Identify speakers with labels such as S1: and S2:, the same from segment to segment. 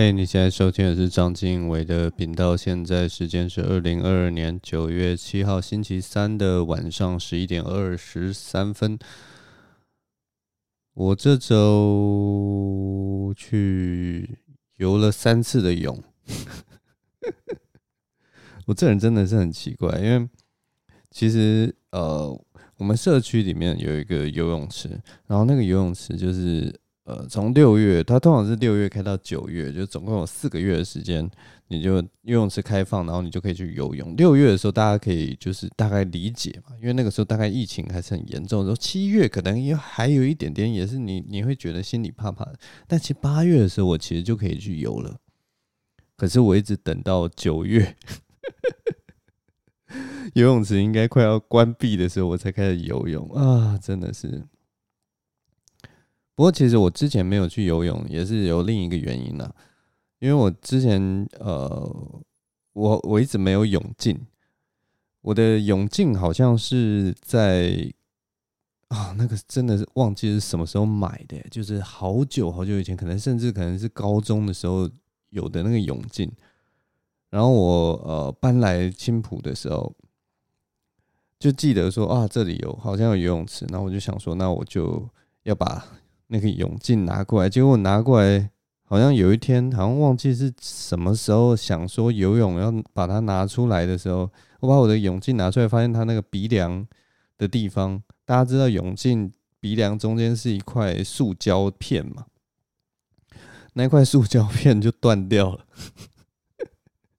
S1: 嘿，hey, 你現在收聽的是章晉唯的頻道。現在時間是二零二二年九月七號星期三的晚上十一點二十三分。我這週去游了三次的泳。 我這人真的是很奇怪，因為其實呃，我們社區裡面有一個游泳池，然後那個游泳池就是。呃，從六月它，通常是六月開到九月，就總共有四個月的時間，你就游泳池開放，然後你就可以去游泳。六月的時候，大家可以就是大概理解嘛，因為那個時候大概疫情還是很嚴重的時候。然後七月可能也還有一點點，也是你你會覺得心裡怕怕的。但其實八月的時候，我其實就可以去游了，可是我一直等到九月 游泳池應該快要關閉的時候，我才開始游泳啊，真的是。不過，其實我之前沒有去游泳，也是有另一個原因啦、啊。因為我之前，呃，我我一直沒有泳鏡，我的泳鏡好像是在啊、哦，那個真的是忘記是什麼時候買的，就是好久好久以前，可能甚至可能是高中的時候有的那個泳鏡。然後我呃搬來青浦的時候，就記得說啊，這裡有好像有游泳池，那我就想說，那我就要把。那個泳鏡拿過來，結果我拿過來，好像有一天，好像忘記是什麼時候想說游泳要把它拿出來的時候，我把我的泳鏡拿出來，發現它那個鼻梁的地方，大家知道泳鏡鼻梁中間是一塊塑膠片嘛？那塊塑膠片就斷掉了，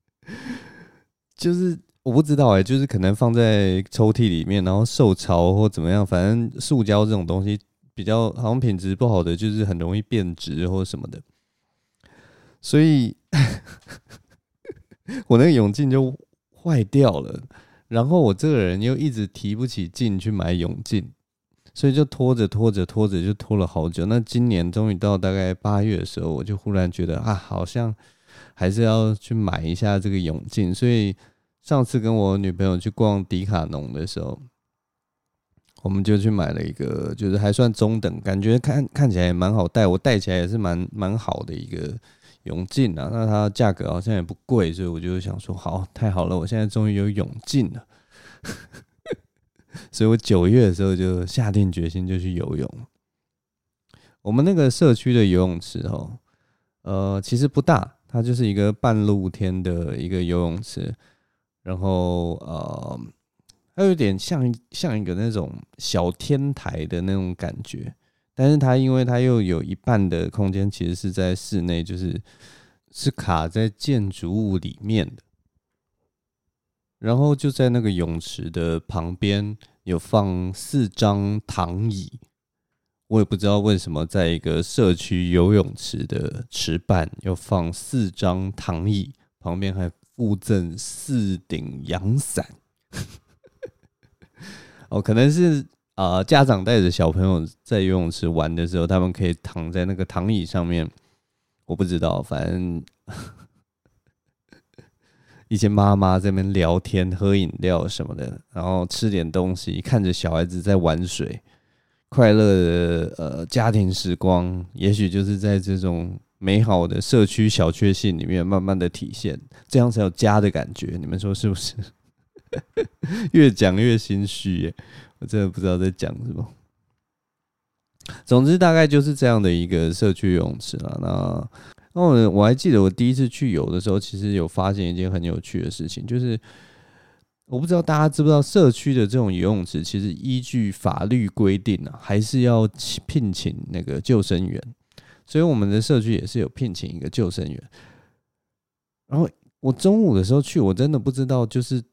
S1: 就是我不知道哎、欸，就是可能放在抽屜裡面，然後受潮或怎麼樣，反正塑膠這種東西。比較好像品質不好的，就是很容易變質或什麼的，所以 我那個泳鏡就壞掉了。然後我這個人又一直提不起勁去買泳鏡，所以就拖着拖着拖着就拖了好久。那今年終於到大概八月的時候，我就忽然覺得啊，好像還是要去買一下這個泳鏡。所以上次跟我女朋友去逛迪卡儂的時候，我們就去買了一個，就是還算中等，感覺看看起來也蠻好戴，我戴起來也是蠻蠻好的一個泳鏡啊。那它價格好像也不貴，所以我就想說，好，太好了，我現在終於有泳鏡了。 所以我九月的時候就下定決心就去游泳。我們那個社區的游泳池哦，呃，其實不大，它就是一個半露天的一個游泳池，然後呃。它有點像像一個那種小天台的那種感覺，但是它因為它又有一半的空間其實是在室內，就是是卡在建築物裡面的。然後就在那個泳池的旁邊有放四張躺椅，我也不知道為什麼在一個社區游泳池的池畔要放四張躺椅，旁邊還附贈四頂陽傘。哦，可能是啊、呃，家長帶着小朋友在游泳池玩的時候，他們可以躺在那個躺椅上面。我不知道，反正一些媽媽在那邊聊天、喝飲料什麼的，然後吃點東西，看着小孩子在玩水，快樂的呃家庭時光，也許就是在這種美好的社區小確幸裡面慢慢的體現，這樣才有家的感覺，你們說是不是？ 越講越心虛耶，我真的不知道在講什麼。總之，大概就是這樣的一個社區游泳池了。那那我我還記得，我第一次去游的時候，其實有發現一件很有趣的事情，就是我不知道大家知不知道，社區的這種游泳池其實依據法律規定啊，還是要聘請那個救生員。所以我們的社區也是有聘請一個救生員。然後我中午的時候去，我真的不知道就是。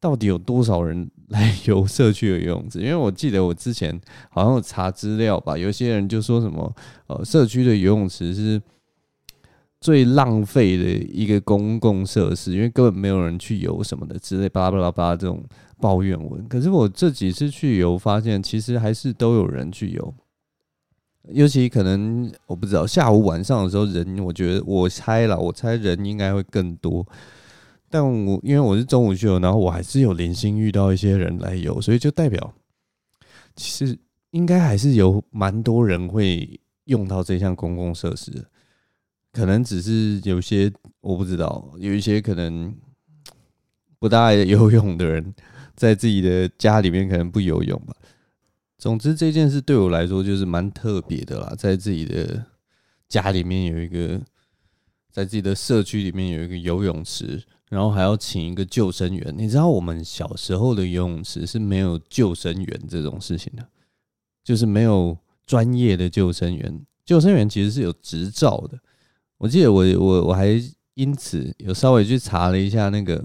S1: 到底有多少人來游社區的游泳池？因為我記得我之前好像有查資料吧，有些人就說什麼，呃，社區的游泳池是最浪費的一個公共設施，因為根本沒有人去游什麼的之類，巴拉巴拉巴拉這種抱怨文。可是我這幾次去游，發現其實還是都有人去游，尤其可能我不知道下午晚上的時候人，我覺得我猜啦，我猜人應該會更多。但我因為我是中午去，然後我還是有零星遇到一些人來游，所以就代表，其實應該還是有蠻多人會用到這項公共設施的，可能只是有些我不知道，有一些可能不大愛游泳的人，在自己的家裡面可能不游泳吧。總之這件事對我來說就是蠻特別的啦，在自己的家裡面有一個，在自己的社區裡面有一個游泳池。然後還要請一個救生員，你知道我們小時候的游泳池是沒有救生員這種事情的，就是沒有專業的救生員。救生員其實是有執照的，我記得我我我還因此有稍微去查了一下那個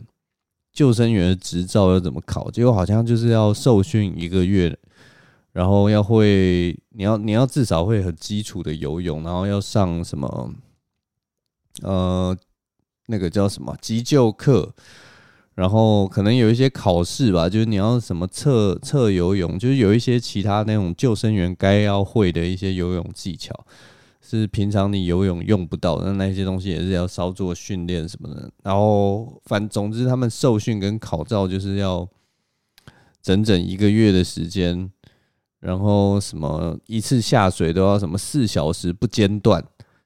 S1: 救生員的執照要怎麼考，結果好像就是要受訓一個月，然後要會你要你要至少會很基礎的游泳，然後要上什麼呃。那個叫什麼急救課，然後可能有一些考試吧，就是你要什麼測測游泳，就是有一些其他那種救生員該要會的一些游泳技巧，是平常你游泳用不到的，那那些東西也是要稍作訓練什麼的。然後反總之，他們受訓跟考照就是要整整一個月的時間，然後什麼一次下水都要什麼四小時不間斷。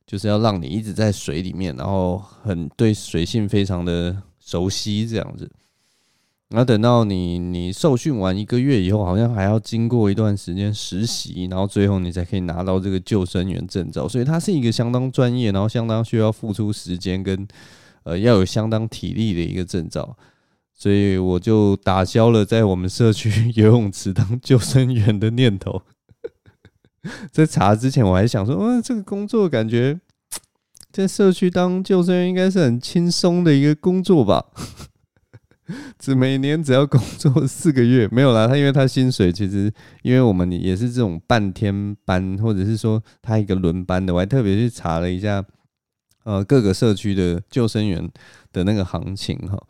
S1: 就是要讓你一直在水裡面，然後很對水性非常的熟悉這樣子。然後等到你你受訓完一個月以後，好像還要經過一段時間實習，然後最後你才可以拿到這個救生員證照。所以它是一個相當專業，然後相當需要付出時間跟呃要有相當體力的一個證照。所以我就打消了在我們社區游泳池當救生員的念頭。在查之前，我還想說，哦，這個工作感覺在社區當救生員應該是很輕鬆的一個工作吧？只每年只要工作四個月，沒有啦。他因為他薪水其實，因為我們也是這種半天班，或者是說他一個輪班的，我還特別去查了一下，呃，各個社區的救生員的那個行情哈，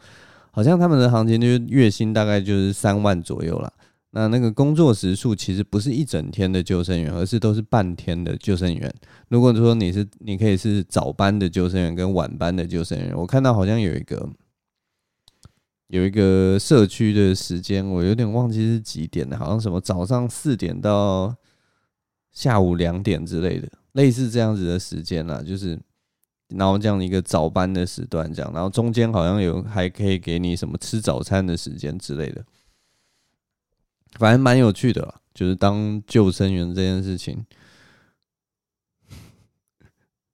S1: 好像他們的行情就是月薪大概就是三萬左右啦。那那個工作時數其實不是一整天的救生員，而是都是半天的救生員。如果說你是，你可以是早班的救生員跟晚班的救生員。我看到好像有一個有一個社區的時間，我有點忘記是幾點了，好像什麼早上四點到下午兩點之類的，類似這樣子的時間啦，就是然後這樣的一個早班的時段，這樣，然後中間好像有還可以給你什麼吃早餐的時間之類的。反正蠻有趣的啦，就是當救生員這件事情，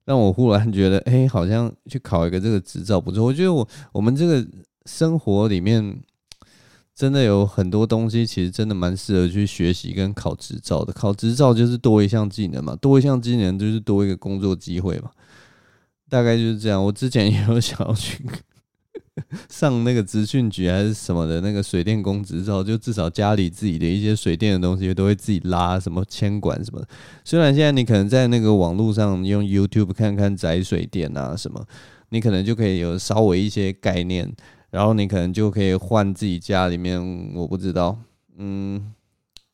S1: 讓我忽然覺得，哎，好像去考一個這個執照不錯。我覺得我我們這個生活裡面，真的有很多東西，其實真的蠻適合去學習跟考執照的。考執照就是多一項技能嘛，多一項技能就是多一個工作機會嘛，大概就是這樣。我之前也有想要去。上那個職訓局還是什麼的，那個水電工職之後，就至少家裡自己的一些水電的東西都會自己拉什麼鉛管什麼。雖然現在你可能在那個網絡上用 YouTube 看看宅水電啊什麼，你可能就可以有稍微一些概念，然後你可能就可以換自己家裡面。我不知道，嗯。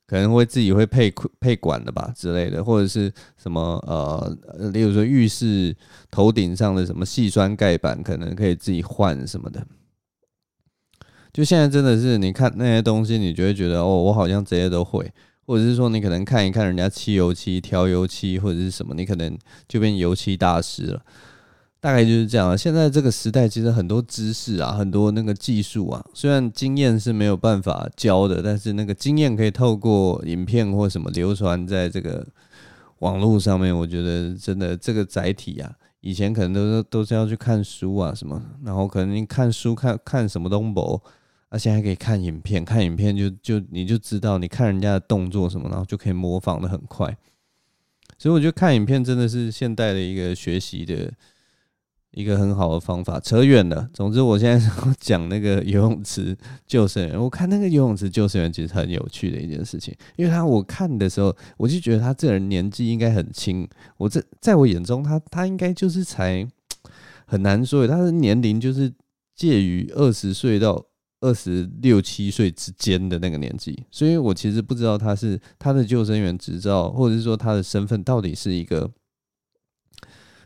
S1: 可能會自己會配配管的吧之類的，或者是什麼呃，例如說浴室頭頂上的什麼矽酸鈣板，可能可以自己換什麼的。就現在真的是，你看那些東西，你就會覺得哦，我好像這些都會，或者是說你可能看一看人家漆油漆調油漆或者是什麼，你可能就變油漆大師了。大概就是這樣啊！現在這個時代，其實很多知識啊，很多那個技術啊，雖然經驗是沒有辦法教的，但是那個經驗可以透過影片或什麼流傳在這個網絡上面。我覺得真的這個載體啊，以前可能都是都是要去看書啊什麼，然後可能你看書看看什麼東西，而且還可以看影片，看影片就就你就知道，你看人家的動作什麼，然後就可以模仿的很快。所以我覺得看影片真的是現代的一個學習的。一個很好的方法，扯遠了。總之，我現在講 那個游泳池救生員。我看那個游泳池救生員其實很有趣的一件事情，因為他我看的時候，我就覺得他這個人年紀應該很輕。我這在我眼中他，他他應該就是才很難說，他的年齡就是介於二十歲到二十六七歲之間的那個年紀。所以我其實不知道他是他的救生員執照，或者是說他的身份到底是一個。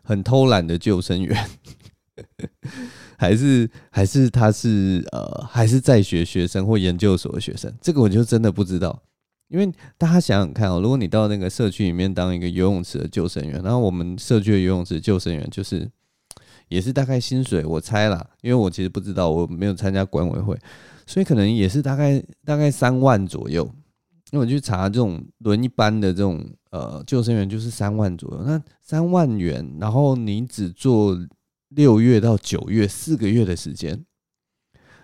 S1: 很偷懶的救生員， 還是還是他是呃還是在學學生或研究所的學生？這個我就真的不知道，因為大家想想看哦、喔，如果你到那個社區裡面當一個游泳池的救生員，然後我們社區的游泳池救生員就是也是大概薪水我猜啦，因為我其實不知道，我沒有參加管委會，所以可能也是大概大概三萬左右。那我去查這種輪一般的這種呃救生員就是三萬左右，那三萬元，然後你只做六月到九月四個月的時間，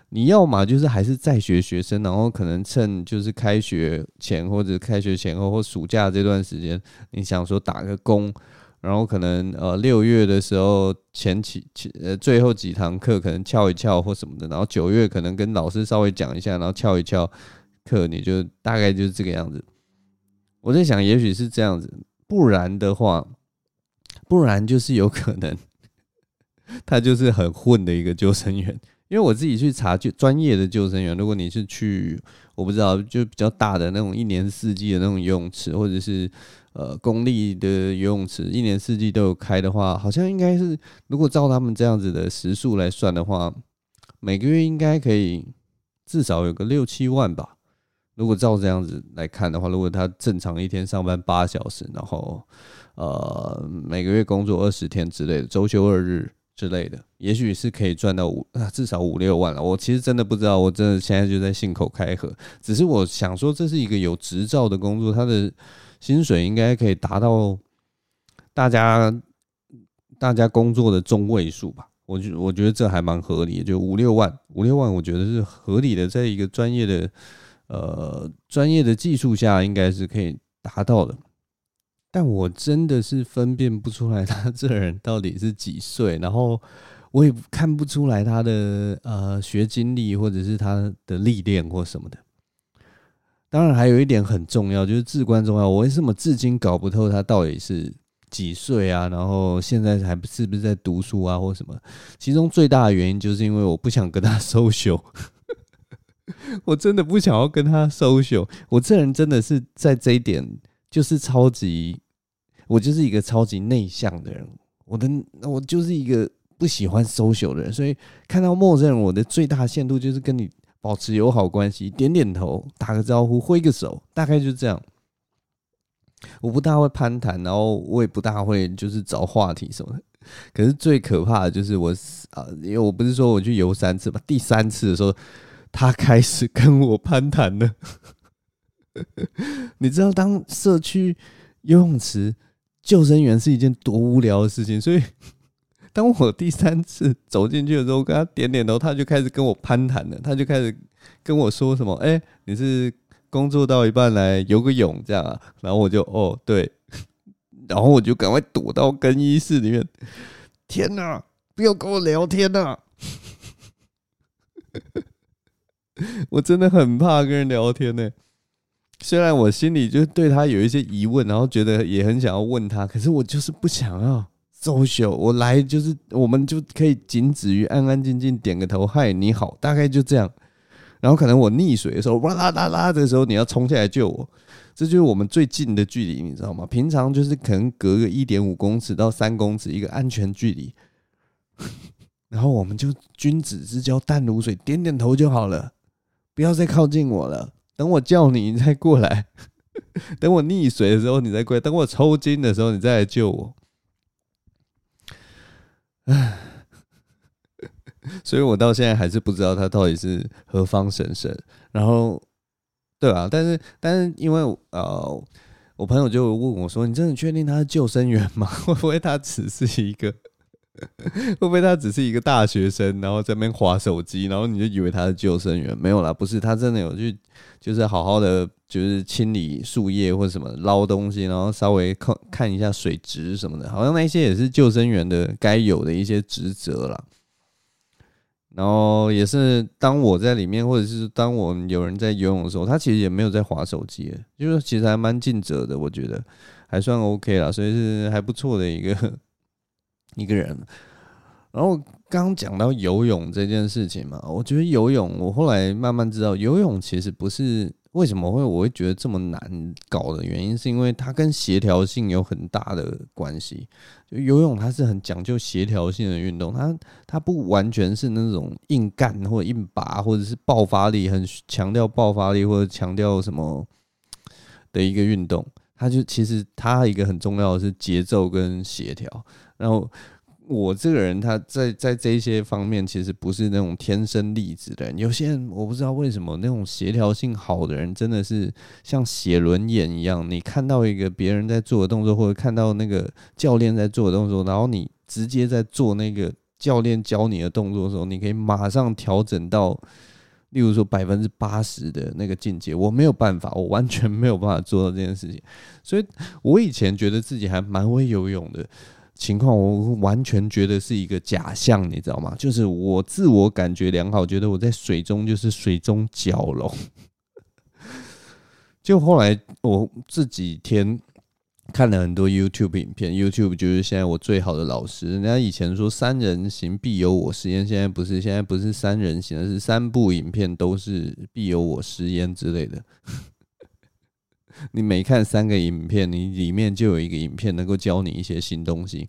S1: 你要嘛就是還是在學學生，然後可能趁就是開學前或者開學前後或暑假這段時間，你想說打個工，然後可能呃六月的時候前幾呃最後幾堂課可能翹一翹或什麼的，然後九月可能跟老師稍微講一下，然後翹一翹。課你就大概就是這個樣子。我在想，也許是這樣子，不然的話，不然就是有可能他就是很混的一個救生員。因為我自己去查就專業的救生員，如果你是去我不知道就比較大的那種一年四季的那種游泳池，或者是呃公立的游泳池，一年四季都有開的話，好像應該是如果照他們這樣子的時數來算的話，每個月應該可以至少有個六七萬吧。如果照這樣子來看的話，如果他正常一天上班八小時，然後呃每個月工作二十天之類的，週休二日之類的，也許是可以賺到五啊，至少五六萬了。我其實真的不知道，我真的現在就在信口開河。只是我想說，這是一個有執照的工作，他的薪水應該可以達到大家大家工作的中位數吧？我覺我覺得這還蠻合理的，就五六萬五六萬，萬我覺得是合理的，在一個專業的。呃，專業的技術下應該是可以達到的，但我真的是分辨不出來他這人到底是幾歲，然後我也看不出來他的呃學經歷或者是他的歷練或什麼的。當然，還有一點很重要，就是至關重要。我為什麼至今搞不透他到底是幾歲啊？然後現在還是不是在讀書啊或什麼？其中最大的原因就是因為我不想跟他 social。我真的不想要跟他 social 我這人真的是在這一點就是超級，我就是一個超級內向的人，我的我就是一個不喜歡 social 的人，所以看到陌生人我的最大限度就是跟你保持友好關係，點點頭，打個招呼，揮個手，大概就這樣。我不大會攀談，然後我也不大會就是找話題什麼的。可是最可怕的就是我啊，因為我不是說我去游三次嘛，第三次的時候，他開始跟我攀談了，你知道，當社區游泳池救生員是一件多無聊的事情，所以當我第三次走進去的時候，我跟他點點頭，他就開始跟我攀談了，他就開始跟我說什麼：“哎，你是工作到一半來游個泳這樣啊？”然後我就哦對，然後我就趕快躲到更衣室裡面。天哪，不要跟我聊天吶！我真的很怕跟人聊天呢、欸，雖然我心裡就對他有一些疑問，然後覺得也很想要問他，可是我就是不想要周秀，我來就是我們就可以僅止於安安靜靜點個頭，嗨，你好，大概就這樣。然後可能我溺水的時候，哇啦啦啦，這個時候你要衝下來救我，這就是我們最近的距離，你知道嗎？平常就是可能隔個一點五公尺到三公尺一個安全距離，然後我們就君子之交淡如水，點點頭就好了。不要再靠近我了，等我叫你你再過來，等我溺水的時候你再過來，等我抽筋的時候你再來救我。唉，所以我到現在還是不知道他到底是何方神聖。然後，對啊，但是但是因為呃，我朋友就問我說：“你真的確定他是救生員嗎？會不會他只是一個？”會不會他只是一個大學生，然後在那邊滑手機，然後你就以為他是救生員？沒有啦，不是他真的有去，就是好好的，就是清理樹葉或者什麼撈東西，然後稍微看看一下水質什麼的，好像那些也是救生員的該有的一些職責啦。然後也是當我在裡面，或者是當我有人在游泳的時候，他其實也沒有在滑手機，就是其實還蠻盡責的，我覺得還算 OK 啦，所以是還不錯的一個。一個人，然後剛剛講到游泳這件事情嘛，我覺得游泳，我後來慢慢知道，游泳其實不是為什麼會我會覺得這麼難搞的原因，是因為它跟協調性有很大的關係。就游泳它是很講究協調性的運動，它它不完全是那種硬幹或者硬拔，或者是爆發力很強調爆發力或者強調什麼的一個運動，它就其實它一個很重要的是節奏跟協調。然後我這個人，他在在這些方面其實不是那種天生麗質的人。有些人我不知道為什麼，那種協調性好的人真的是像寫輪眼一樣。你看到一個別人在做的動作，或者看到那個教練在做的動作，然後你直接在做那個教練教你的動作的時候，你可以馬上調整到，例如說百分之八十的那個境界。我沒有辦法，我完全沒有辦法做到這件事情。所以我以前覺得自己還蠻會游泳的。情況我完全覺得是一個假象，你知道嗎？就是我自我感覺良好，覺得我在水中就是水中蛟龍。 就後來我這幾天看了很多 YouTube 影片，YouTube 就是現在我最好的老師。人家以前說三人行必有我師焉，現在不是，現在不是三人行，而是三部影片都是必有我師焉之類的。你每看三個影片，你裡面就有一個影片能夠教你一些新東西。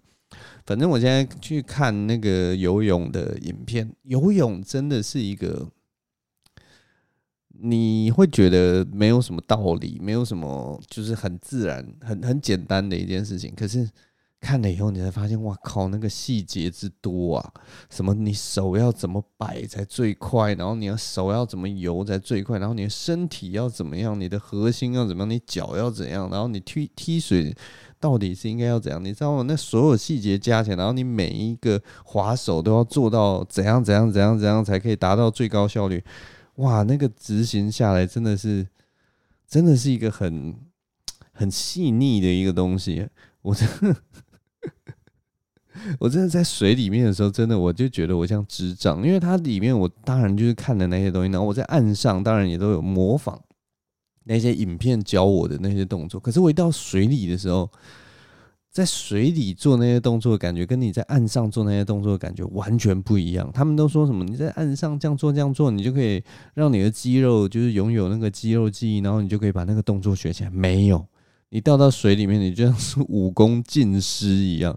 S1: 反正我現在去看那個游泳的影片，游泳真的是一個你會覺得沒有什麼道理，沒有什麼就是很自然、很很簡單的一件事情，可是。看了以後，你才發現，哇靠，那個細節之多啊！什麼你手要怎麼擺才最快，然後你要手要怎麼游才最快，然後你的身體要怎麼樣，你的核心要怎麼樣，你腳要怎樣，然後你踢踢水到底是應該要怎樣？你知道嗎？那所有細節加起來，然後你每一個滑手都要做到怎樣怎樣怎樣怎樣，才可以達到最高效率。哇，那個執行下來真的是，真的是一個很很細膩的一個東西，我真的。 我真的在水裡面的時候，真的我就覺得我像智障，因為它裡面我當然就是看的那些東西。然後我在岸上當然也都有模仿那些影片教我的那些動作。可是我一到水裡的時候，在水裡做那些動作，感覺跟你在岸上做那些動作的感覺完全不一樣。他們都說什麼你在岸上這樣做這樣做，你就可以讓你的肌肉就是擁有那個肌肉記憶，然後你就可以把那個動作學起來。沒有。你掉到水裡面，你就像是武功盡失一樣，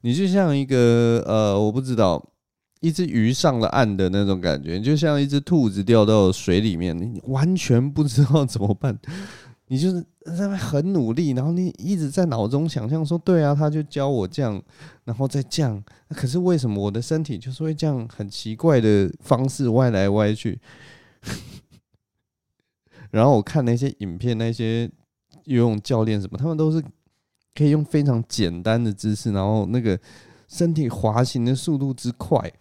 S1: 你就像一個呃，我不知道，一隻魚上了岸的那種感覺，你就像一隻兔子掉到水裡面，你完全不知道怎麼辦。你就是在那很努力，然後你一直在腦中想象說，對啊，他就教我這樣，然後再這樣。可是為什麼我的身體就是會這樣很奇怪的方式歪來歪去？ 然後我看那些影片，那些。游泳教練什麼，他們都是可以用非常簡單的姿勢，然後那個身體滑行的速度之快，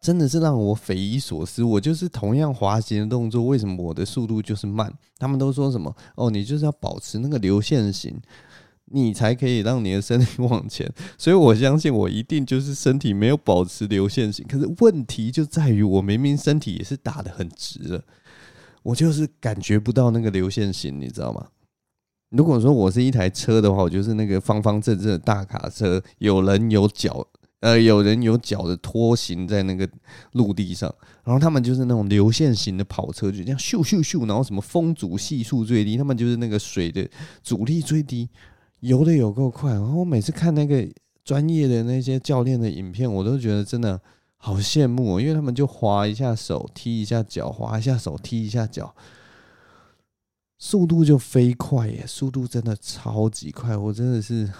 S1: 真的是讓我匪夷所思。我就是同樣滑行的動作，為什麼我的速度就是慢？他們都說什麼？哦，你就是要保持那個流線型，你才可以讓你的身體往前。所以我相信我一定就是身體沒有保持流線型。可是問題就在於我明明身體也是打得很直的，我就是感覺不到那個流線型，你知道嗎？如果說我是一台車的話，我就是那個方方正正的大卡車，有稜有角，呃，有稜有角的拖行在那個陸地上。然後他們就是那種流線型的跑車，就這樣咻咻咻，然後什麼風阻係數最低，他們就是那個水的阻力最低，游得有夠快。然後我每次看那個專業的那些教練的影片，我都覺得真的好羨慕哦，因為他們就划一下手，踢一下腳，划一下手，踢一下腳。速度就飛快耶，速度真的超級快，我真的是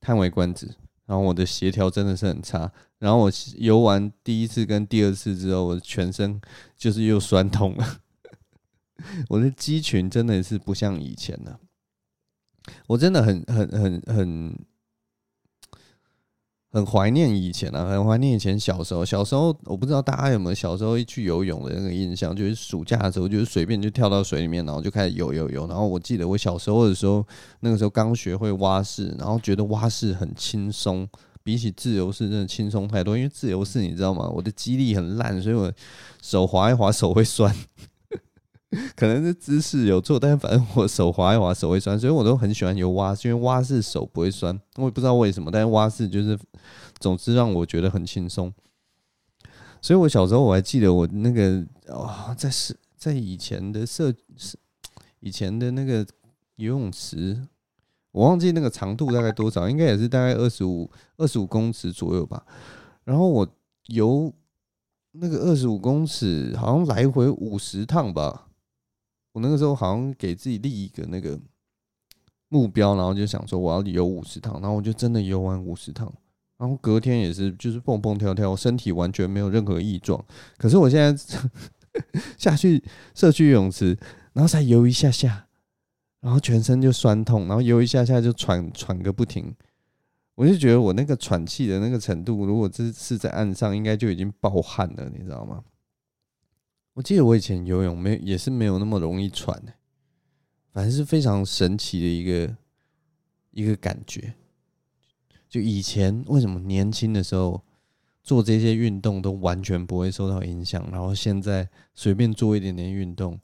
S1: 嘆為觀止。然後我的協調真的是很差。然後我游完第一次跟第二次之後，我全身就是又痠痛了。 我的肌群真的是不像以前了啊。我真的很很很很。很很很懷念以前啊，很懷念以前小時候。小時候我不知道大家有沒有小時候一去游泳的那個印象，就是暑假的時候就是隨便就跳到水裡面，然後就開始游游游。然後我記得我小時候的時候，那個時候剛學會蛙式，然後覺得蛙式很輕鬆，比起自由式真的輕鬆太多。因為自由式你知道嗎？我的肌力很爛，所以我手滑一滑，手會酸。可能是姿勢有錯，但是反正我手滑一滑，手會酸，所以我都很喜歡游蛙，因為蛙式手不會酸。我也不知道為什麼，但是蛙式就是，總之讓我覺得很輕鬆。所以我小時候我還記得我那個啊、哦，在是在以前的設是以前的那個游泳池，我忘記那個長度大概多少，應該也是大概二十五二十五公尺左右吧。然後我游那個二十五公尺，好像來回五十趟吧。我那個時候好像給自己立一個那個目標，然後就想說我要游五十趟，然後我就真的游完五十趟，然後隔天也是就是蹦蹦跳跳，我身體完全沒有任何異狀。可是我現在 下去社區泳池，然後再游一下下，然後全身就痠痛，然後游一下下就喘喘個不停。我就覺得我那個喘氣的那個程度，如果這次在岸上，應該就已經爆汗了，你知道嗎？我記得我以前游泳沒也是沒有那麼容易喘的，反正是非常神奇的一個一個感覺。就以前為什麼年輕的時候做這些運動都完全不會受到影響，然後現在隨便做一點點運動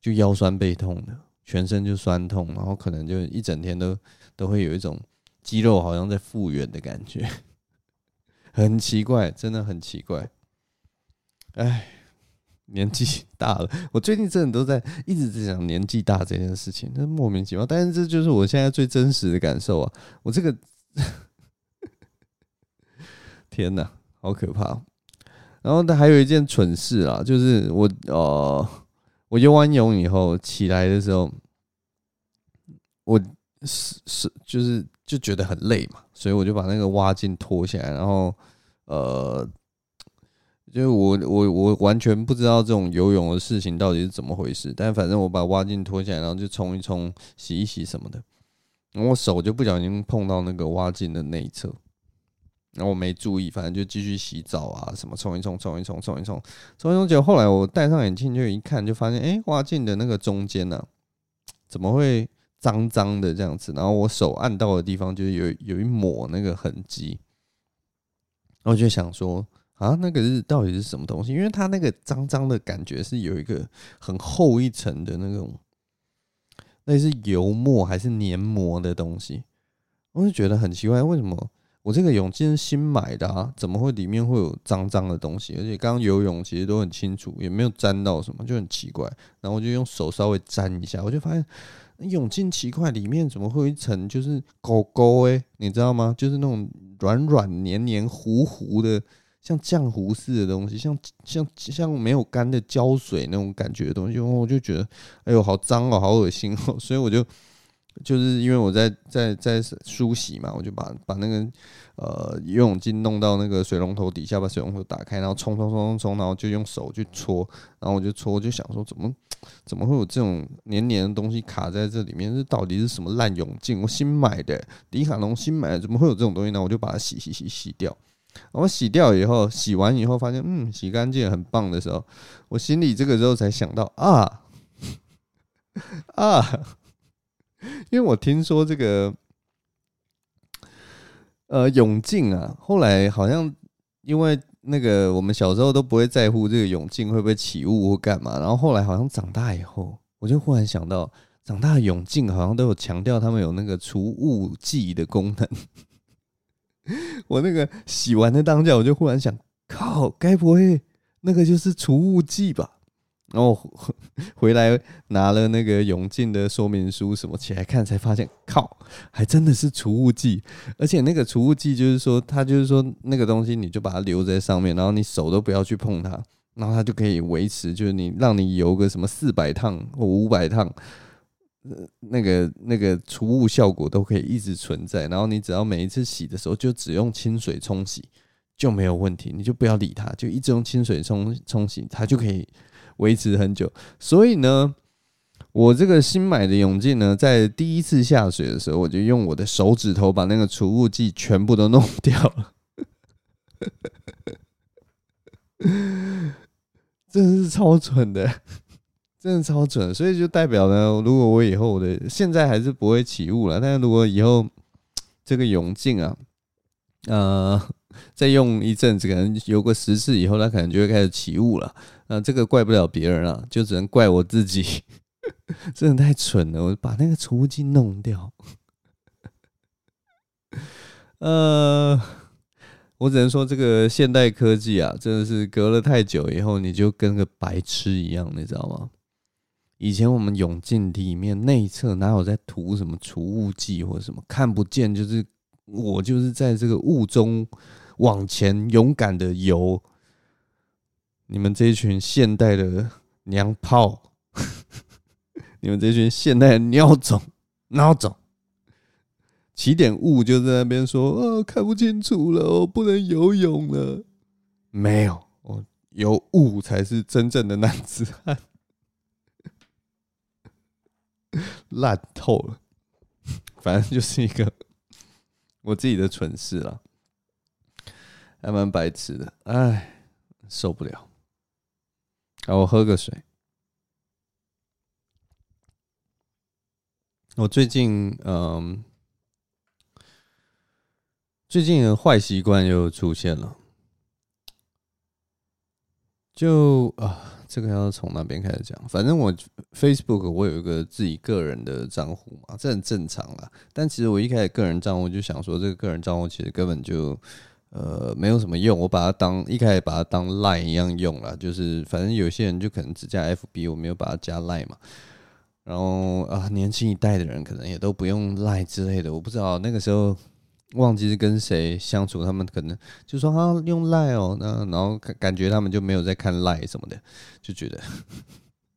S1: 就腰痠背痛的，全身就痠痛，然後可能就一整天都都會有一種肌肉好像在復原的感覺，很奇怪，真的很奇怪，唉。年紀大了，我最近真的都在一直在想年紀大這件事情，真莫名其妙。但是這就是我現在最真實的感受啊！我這個天哪，好可怕！然後還有一件蠢事啊，就是我呃，我游完泳以後起來的時候，我是是就是就覺得很累嘛，所以我就把那個蛙鏡脫下來，然後呃。就是我我我完全不知道這種游泳的事情到底是怎麼回事，但反正我把蛙鏡脫下來，然後就沖一沖、洗一洗什麼的。然後我手就不小心碰到那個蛙鏡的內側，然後我沒注意，反正就繼續洗澡啊，什麼沖一沖、沖一沖、沖一沖、沖一沖。結果後來我戴上眼鏡就一看，就發現哎、欸，蛙鏡的那個中間啊，怎麼會髒髒的這樣子？然後我手按到的地方，就是有有一抹那個痕跡。然後我就想說。啊，那個是到底是什麼東西？因為它那個髒髒的感覺是有一個很厚一層的那種，那是油膜還是黏膜的東西？我就覺得很奇怪，為什麼我這個泳鏡新買的啊，怎麼會裡面會有髒髒的東西？而且剛游泳其實都很清楚，也沒有沾到什麼，就很奇怪。然後我就用手稍微沾一下，我就發現泳鏡奇怪，裡面怎麼會有一層就是稠稠的誒，你知道嗎？就是那種軟軟黏黏糊糊的。像漿糊似的東西，像像像沒有乾的膠水那種感覺的東西，我就覺得，哎呦，好髒哦，好噁心哦！所以我就就是因為我在在在梳洗嘛，我就把把那個呃游泳鏡弄到那個水龍頭底下，把水龍頭打開，然後沖冲冲冲冲，然後就用手去搓，然後我就搓，我就想說怎麼怎麼會有這種黏黏的東西卡在這裡面？這到底是什麼爛泳鏡？我新買的迪卡儂新買的，怎麼會有這種東西呢？我就把它洗洗洗洗掉。我洗掉以後，洗完以後發現，嗯，洗乾淨很棒的時候，我心裡這個時候才想到啊啊，因為我聽說這個呃泳鏡啊，後來好像因為那個我們小時候都不會在乎這個泳鏡會不會起霧或幹嘛，然後後來好像長大以後，我就忽然想到，長大的泳鏡好像都有強調他們有那個除霧劑的功能。我那個洗完的當下，我就忽然想，靠，該不會那個就是除霧劑吧？然後回來拿了那個泳鏡的說明書什麼起來看，才發現，靠，還真的是除霧劑。而且那個除霧劑就是說，它就是說那個東西，你就把它留在上面，然後你手都不要去碰它，然後它就可以維持，就是你讓你游個什麼四百趟或五百趟。那個那個除霧效果都可以一直存在，然後你只要每一次洗的時候就只用清水沖洗就沒有問題，你就不要理它，就一直用清水沖沖洗它就可以維持很久。所以呢，我這個新買的泳鏡呢，在第一次下水的時候，我就用我的手指頭把那個除霧劑全部都弄掉了， 真的是超蠢的。真的超蠢，所以就代表呢，如果我以後我的現在還是不會起霧了，但是如果以後這個泳鏡啊，呃，再用一陣子，可能游個十次以後，它可能就會開始起霧了。啊、呃，這個怪不了別人了、啊，就只能怪我自己， 真的太蠢了。我把那個除霧劑弄掉， 呃，我只能說這個現代科技啊，真的是隔了太久以後，你就跟個白痴一樣，你知道嗎？以前我們泳鏡裡面內側，內側哪有在塗什麼除霧劑或什麼看不見？就是我就是在這個霧中往前勇敢的游。你們這一群現代的娘炮，呵呵你們這群現代的孬種孬種，起點霧就在那邊說哦，看不清楚了，我不能游泳了。沒有，我有霧才是真正的男子漢。 爛透了，反正就是一個我自己的蠢事了，還蠻白痴的，唉，受不了。好，我喝個水。我最近，嗯，最近的壞習慣又出現了就，就，啊這個要從那邊開始講，反正我 Facebook 我有一個自己個人的賬戶嘛，這很正常啦。但其實我一開始個人賬戶就想說，這個個人賬戶其實根本就呃沒有什麼用，我把它當，一開始把它當 Line 一樣用了，就是反正有些人就可能只加 FB，我沒有把它加 Line 嘛。然後啊，年輕一代的人可能也都不用 Line 之類的，我不知道那個時候。忘記是跟誰相處，他們可能就說啊用 Line 哦，那然後感覺他們就沒有在看 Line 什麼的，就覺得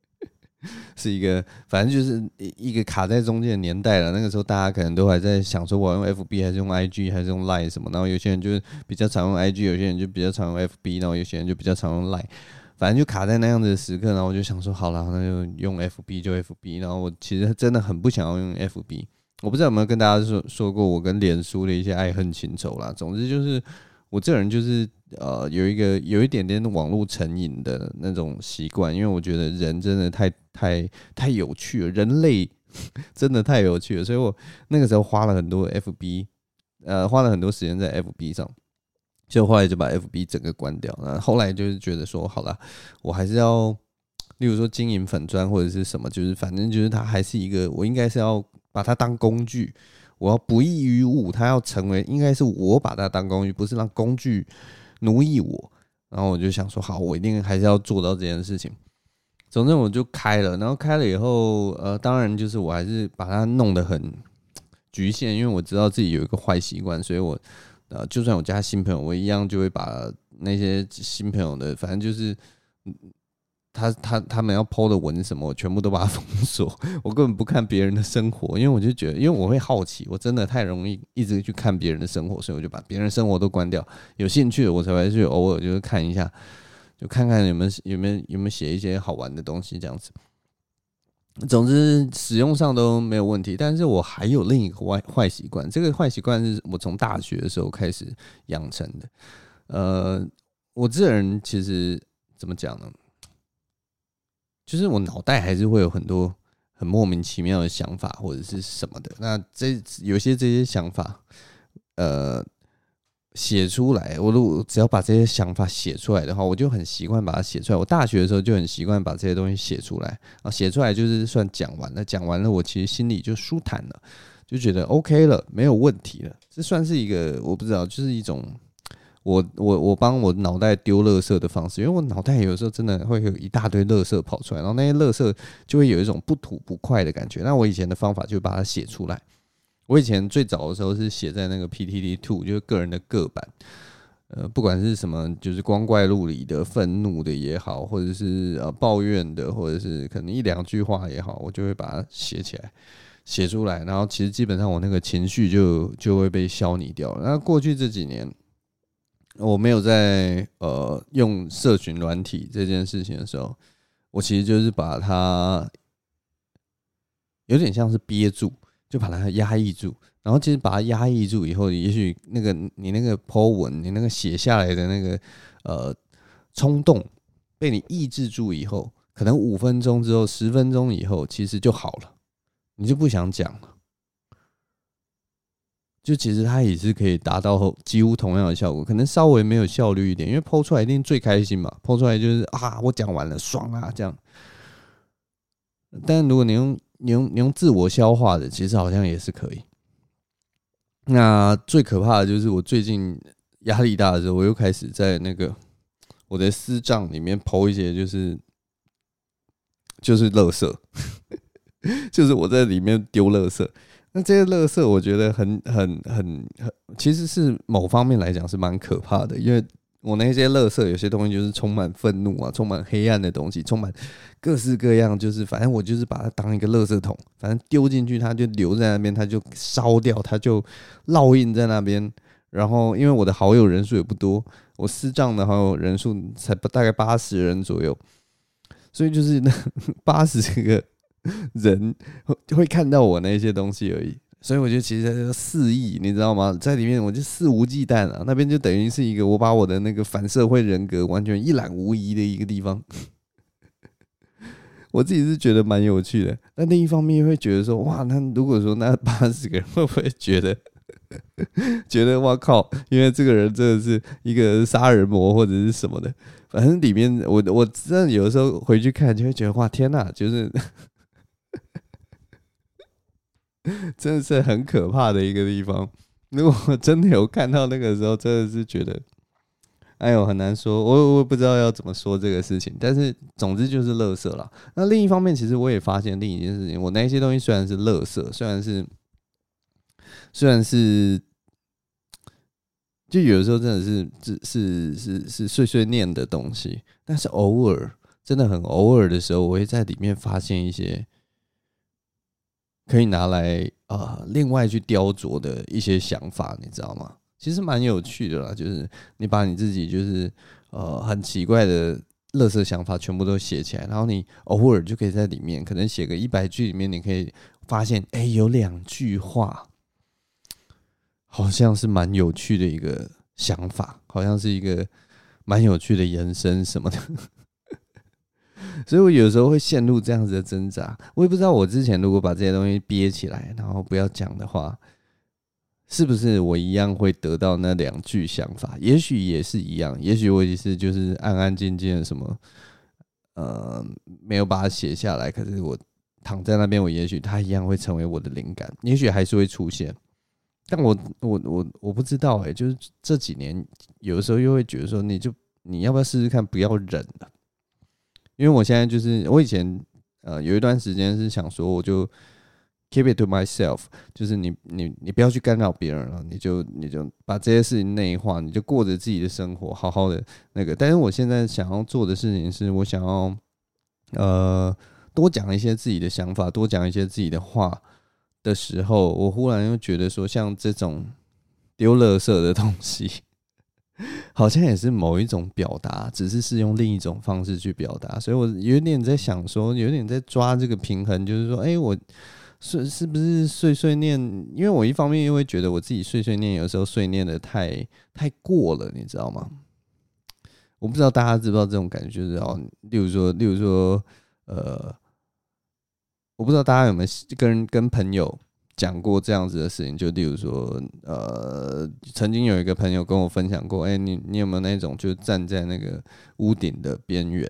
S1: 是一個反正就是一一個卡在中間的年代了。那個時候大家可能都還在想說我用 FB 還是用 IG 還是用 Line 什麼，然後有些人就是比較常用 IG，有些人就比較常用 FB，然後有些人就比較常用 Line，反正就卡在那樣子的時刻。然後我就想說好了，那就用 FB 就 FB。然後我其實真的很不想要用 FB。我不知道有沒有跟大家說說過我跟臉書的一些愛恨情仇啦。總之就是我這個人就是呃有一個有一點點網絡成癮的那種習慣，因為我覺得人真的太太太有趣了，人類真的太有趣了，所以我那個時候花了很多 FB，呃，花了很多時間在 FB 上，就後來就把 FB 整個關掉。然後來就是覺得說好啦，我還是要，例如說經營粉專，或者是什麼，就是反正就是它還是一個我應該是要。把它當工具，我要不役於物，它要成為應該是我把它當工具，不是讓工具奴役我。然後我就想說，好，我一定還是要做到這件事情。總之，我就開了，然後開了以後，呃，當然就是我還是把它弄得很局限，因為我知道自己有一個壞習慣，所以我呃，就算我加新朋友，我一樣就會把那些新朋友的，反正就是。他他他們要 po 的文什麼，我全部都把它封鎖。我根本不看別人的生活，因為我就覺得，因為我會好奇，我真的太容易一直去看別人的生活，所以我就把別人生活都關掉。有興趣我才會去偶爾就是看一下，就看看有沒有有沒有有沒有寫一些好玩的東西這樣子。總之，使用上都沒有問題。但是我還有另一個壞壞習慣，這個壞習慣是我從大學的時候開始養成的。呃，我這人其實怎麼講呢？就是我腦袋還是會有很多很莫名其妙的想法或者是什麼的，那這有些這些想法，呃，寫出來，我如果只要把這些想法寫出來的話，我就很習慣把它寫出來。我大學的時候就很習慣把這些東西寫出來，啊，寫出來就是算講完了，講完了我其實心裡就舒坦了，就覺得 OK 了，沒有問題了。這算是一個我不知道，就是一種。我我我幫我腦袋丟垃圾的方式，因為我腦袋有時候真的會有一大堆垃圾跑出來，然後那些垃圾就會有一種不吐不快的感覺。那我以前的方法就把它寫出來。我以前最早的時候是寫在那個 PTT2，就是個人的個版。呃，不管是什麼，就是光怪陸離的、憤怒的也好，或者是呃抱怨的，或者是可能一兩句話也好，我就會把它寫起來，寫出來。然後其實基本上我那個情緒就就會被消弭掉。那過去這幾年。我沒有在呃用社群軟體這件事情的時候，我其實就是把它有點像是憋住，就把它壓抑住，然後其實把它壓抑住以後，也許那個你那個 po 文，你那個寫下來的那個呃衝動被你抑制住以後，可能五分鐘之後、十分鐘以後，其實就好了，你就不想講了。就其實它也是可以達到幾乎同樣的效果，可能稍微沒有效率一點，因為 po 出來一定最開心嘛，po 出來就是啊，我講完了，爽啊這樣。但如果你用你用你用自我消化的，其實好像也是可以。那最可怕的就是我最近壓力大的時候，我又開始在那個我的私賬裡面 po 一些，就是就是垃圾， 就是我在裡面丟垃圾。那這些垃圾，我覺得很、很、很、很，其實是某方面來講是蠻可怕的。因為我那些垃圾，有些東西就是充滿憤怒啊，充滿黑暗的東西，充滿各式各樣，就是反正我就是把它當一個垃圾桶，反正丟進去，它就留在那邊，它就燒掉，它就烙印在那邊。然後，因為我的好友人數也不多，我私賬的好友人數才大概八十人左右，所以就是那八十這個。人會會看到我那些東西而已，所以我覺得其實肆意，你知道嗎？在裡面我就肆無忌憚了。那邊就等於是一個我把我的那個反社會人格完全一覽無遺的一個地方。我自己是覺得蠻有趣的，但另一方面會覺得說，哇，那如果說那八十個人會不會覺得覺得哇靠，因為這個人真的是一個殺人魔或者是什麼的？反正裡面我我真的有的時候回去看就會覺得哇天哪，啊，就是。真的是很可怕的一個地方。如果真的有看到那個時候，真的是覺得，哎呦，很難說，我我不知道要怎麼說這個事情。但是總之就是樂色了。那另一方面，其實我也發現另一件事情：我那些東西雖然是樂色，雖然是，雖然是，就有的時候真的是是是是是碎碎念的東西。但是偶爾真的很偶爾的時候，我會在裡面發現一些。可以拿來呃，另外去雕琢的一些想法，你知道嗎？其實蠻有趣的啦，就是你把你自己就是呃很奇怪的垃圾想法全部都寫起來，然後你偶爾就可以在裡面，可能寫個一百句裡面，你可以發現，哎、欸，有兩句話，好像是蠻有趣的一個想法，好像是一個蠻有趣的延伸什麼的。所以我有時候會陷入這樣子的掙扎，我也不知道我之前如果把這些東西憋起來，然後不要講的話，是不是我一樣會得到那兩句想法？也許也是一樣，也許我也是就是安安靜靜的什麼，呃，沒有把它寫下來。可是我躺在那邊，我也許它一樣會成為我的靈感，也許還是會出現。但我我我我不知道，哎、欸，就是這幾年，有的時候又會覺得說，你就你要不要試試看，不要忍了。因為我現在就是，我以前呃有一段時間是想說，我就 keep it to myself，就是你你你不要去干擾別人了，你就你就把這些事情內化，你就過着自己的生活，好好的那個。但是我現在想要做的事情是，我想要呃多講一些自己的想法，多講一些自己的話的時候，我忽然又覺得說，像這種丟垃圾的東西。好像也是某一種表達，只是是用另一種方式去表達，所以我有點在想說，說有點在抓這個平衡，就是說，哎、欸，我是是不是碎碎念？因為我一方面又會覺得我自己碎碎念，有時候碎念的太太過了，你知道嗎？我不知道大家知不知道這種感覺，就是哦，例如說，例如說，呃，我不知道大家有沒有跟跟朋友。講過這樣子的事情，就例如說，呃，曾經有一個朋友跟我分享過，哎、欸，你你有沒有那種就站在那個屋頂的邊緣？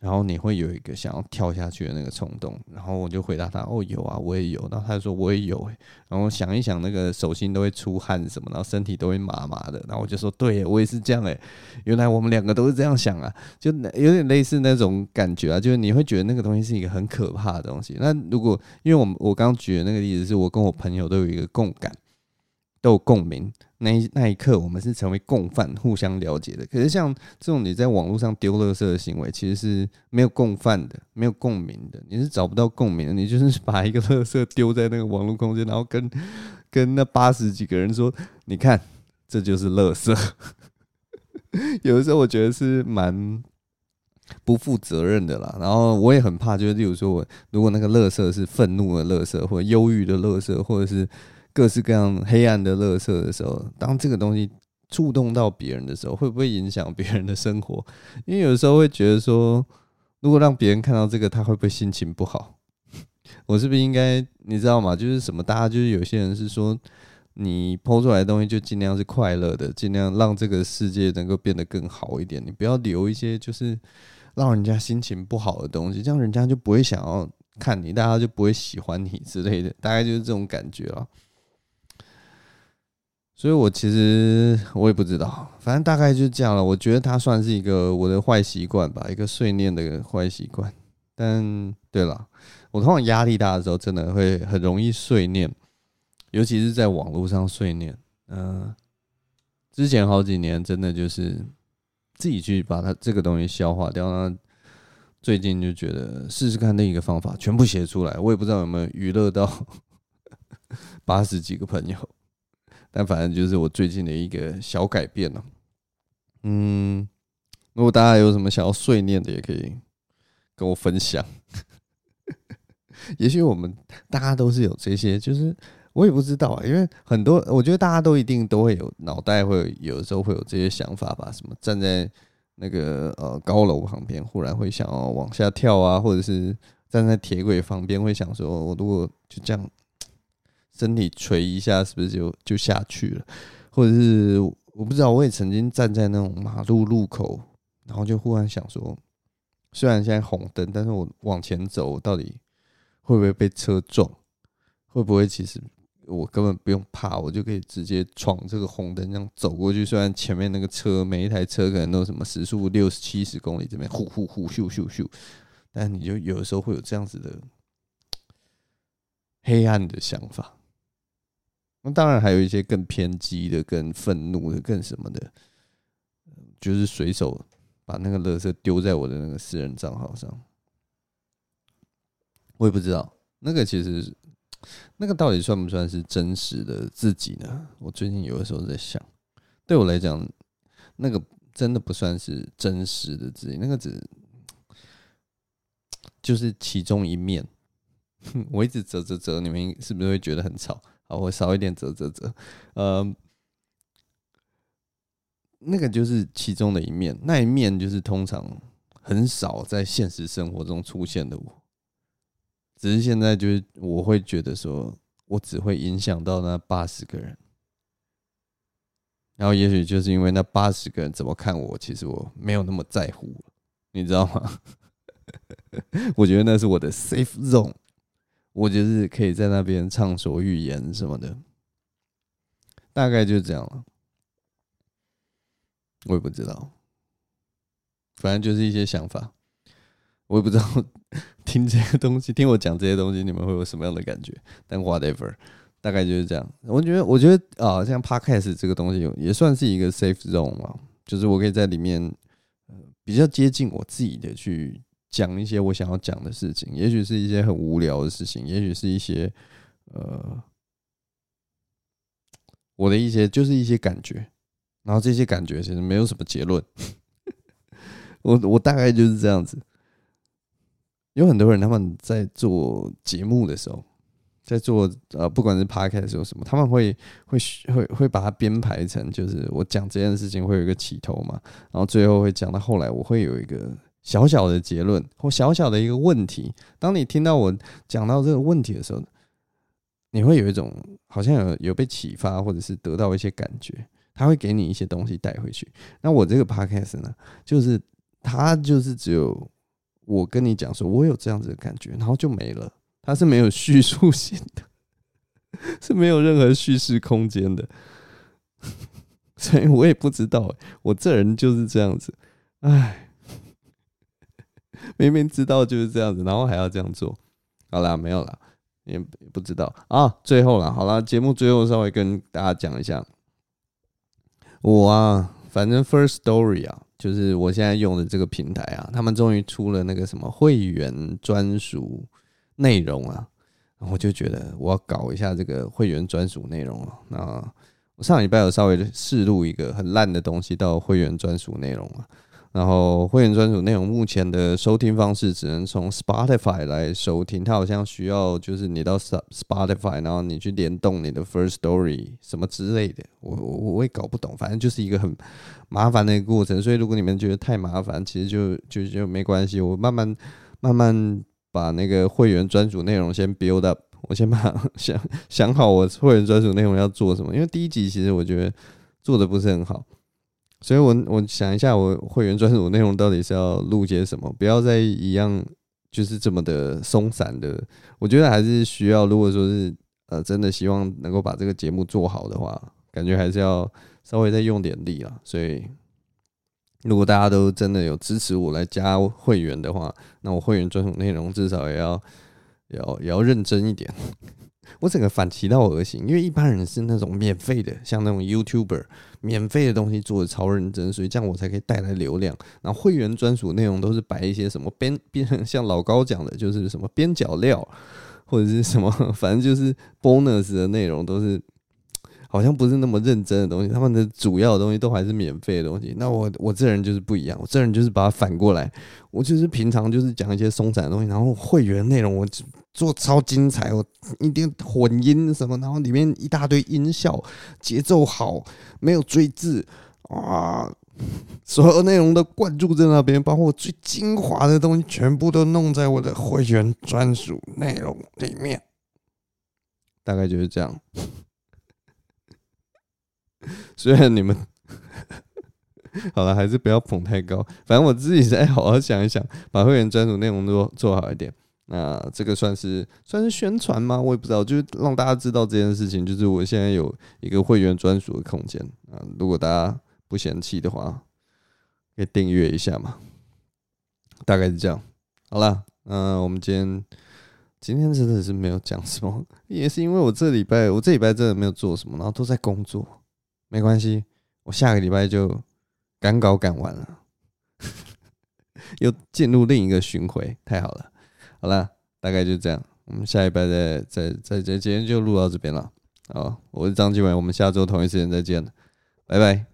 S1: 然後你會有一個想要跳下去的那個衝動，然後我就回答他，哦，有啊，我也有。然後他就說我也有，然後想一想，那個手心都會出汗什麼，然後身體都會麻麻的。然後我就說，對，我也是這樣，哎，原來我們兩個都是這樣想啊，就有點類似那種感覺啊，就是你會覺得那個東西是一個很可怕的東西。那如果，因為我們我剛舉的那個例子是我跟我朋友都有一個共感，都有共鳴。那一那一刻，我們是成為共犯，互相了解的。可是像這種你在網絡上丟垃圾的行為，其實是沒有共犯的，沒有共鳴的，你是找不到共鳴的。你就是把一個垃圾丟在那個網絡空間，然後跟跟那八十幾個人說：“你看，這就是垃圾。”有的時候我覺得是蠻不負責任的啦。然後我也很怕，就是例如說我如果那個垃圾是憤怒的垃圾，或憂鬱的垃圾，或者是。各式各樣黑暗的垃圾的時候，當這個東西觸動到別人的時候，會不會影響別人的生活？因為有時候會覺得說，如果讓別人看到這個，他會不會心情不好？我是不是應該你知道嗎？就是什麼，大家就是有些人是說，你 po 出來的東西就盡量是快樂的，盡量讓這個世界能夠變得更好一點。你不要留一些就是讓人家心情不好的東西，這樣人家就不會想要看你，大家就不會喜歡你之類的。大概就是這種感覺啊。所以，我其實我也不知道，反正大概就這樣了。我覺得它算是一個我的壞習慣吧，一個碎念的壞習慣。但對了，我通常壓力大的時候，真的會很容易碎念，尤其是在網絡上碎念。嗯，之前好幾年真的就是自己去把它這個東西消化掉。然後最近就覺得試試看另一個方法，全部寫出來。我也不知道有沒有娛樂到八十幾個朋友。但反正就是我最近的一個小改變了、啊，嗯，如果大家有什麼想要碎念的，也可以跟我分享。 也許我們大家都是有這些，就是我也不知道啊，因為很多我覺得大家都一定都會有腦袋，會有的時候會有這些想法吧。什麼站在那個呃高樓旁邊，忽然會想要往下跳啊，或者是站在鐵軌旁邊會想說，我如果就這樣。身體垂一下，是不是就就下去了？或者是我不知道，我也曾經站在那種馬路路口，然後就忽然想說，雖然現在紅燈，但是我往前走，我到底會不會被車撞？會不會其實我根本不用怕，我就可以直接闖這個紅燈，這樣走過去。雖然前面那個車，每一台車可能都什麼時速六十七十公里，這邊呼呼呼咻咻咻、咻，但你就有的時候會有這樣子的黑暗的想法。那當然，還有一些更偏激的、更憤怒的、更什麼的，就是隨手把那個垃圾丟在我的那個私人賬號上。我也不知道那個其實那個到底算不算是真實的自己呢？我最近有的時候在想，對我來講，那個真的不算是真實的自己，那個只是就是其中一面。我一直嘖嘖嘖，你們是不是會覺得很吵？啊，我少一點擇擇擇，折折折，呃，那個就是其中的一面，那一面就是通常很少在現實生活中出現的我，只是現在就是我會覺得說，我只會影響到那八十個人，然後也許就是因為那八十個人怎麼看我，其實我沒有那麼在乎，你知道嗎？ 我覺得那是我的 safe zone。我就是可以在那邊暢所欲言什麼的，大概就這樣了。我也不知道，反正就是一些想法。我也不知道聽這個東西，聽我講這些東西，你們會有什麼樣的感覺？但 whatever，大概就是這樣。我覺得，我覺得啊，像 podcast 這個東西也算是一個 safe zone 嘛，就是我可以在裡面，比較接近我自己的去。講一些我想要講的事情，也許是一些很無聊的事情，也許是一些呃，我的一些就是一些感覺，然後這些感覺其實沒有什麼結論。 我我大概就是這樣子。有很多人他們在做節目的時候，在做呃不管是 podcast 的時候什麼，他們會會會會把它編排成，就是我講這件事情會有一個起頭嘛，然後最後會講到後來，我會有一個。小小的結論或小小的一個問題，當你聽到我講到這個問題的時候，你會有一種好像有有被啟發，或者是得到一些感覺，他會給你一些東西帶回去。那我這個 podcast 呢，就是他就是只有我跟你講說，我有這樣子的感覺，然後就沒了，他是沒有敘述性的， 是沒有任何敘事空間的， 所以我也不知道，我這人就是這樣子，唉。明明知道就是這樣子，然後還要這樣做，好了，沒有了，也不知道啊。最後了，好了，節目最後稍微跟大家講一下，我啊，反正 Firstory 啊，就是我現在用的這個平台啊，他們終於出了那個什麼會員專屬內容啊，我就覺得我要搞一下這個會員專屬內容了。那我上禮拜有稍微試錄一個很爛的東西到會員專屬內容了。然後會員專屬內容目前的收聽方式只能從 Spotify 來收聽，它好像需要就是你到 Spotify，然後你去聯動你的 First Story 什麼之類的，我我我也搞不懂，反正就是一個很麻煩的一個過程。所以如果你們覺得太麻煩，其實就就就，就沒關係，我慢慢慢慢把那個會員專屬內容先 build up，我先把想想好我會員專屬內容要做什麼，因為第一集其實我覺得做的不是很好。所以我，我我想一下，我會員專屬內容到底是要錄些什麼？不要再一樣，就是這麼的鬆散的。我覺得還是需要，如果說是呃真的希望能夠把這個節目做好的話，感覺還是要稍微再用點力啊。所以，如果大家都真的有支持我來加會員的話，那我會員專屬內容至少也要也要也要認真一點。我整個反其道而行，因為一般人是那種免費的，像那種 YouTuber，免費的東西做的超認真，所以這樣我才可以帶來流量。然後會員專屬內容都是擺一些什麼邊邊，像老高講的，就是什麼邊角料或者是什麼，反正就是 bonus 的內容都是。好像不是那麼認真的東西，他們的主要的東西都還是免費的東西。那我我這人就是不一樣，我這人就是把它反過來。我就是平常就是講一些鬆散的東西，然後會員內容我做超精彩，我一定混音什麼，然後裡面一大堆音效，節奏好，沒有追字啊，所有內容都灌注在那邊，包括我最精華的東西全部都弄在我的會員專屬內容裡面。大概就是這樣。雖然你們 好了，還是不要捧太高。反正我自己再好好想一想，把會員專屬內容都做好一點。那這個算是算是宣傳嗎？我也不知道，就是讓大家知道這件事情，就是我現在有一個會員專屬的空間啊。如果大家不嫌棄的話，可以訂閱一下嘛。大概是這樣。好啦，嗯，我們今天今天真的是沒有講什麼，也是因為我這禮拜我這禮拜真的沒有做什麼，然後都在工作。沒關係，我下個禮拜就趕稿趕完了， 又進入另一個巡迴，太好了。好啦，大概就這樣，我們下禮拜再再再再，今天就錄到這邊了。好，我是章晉唯，我們下周同一時間再見了，拜拜。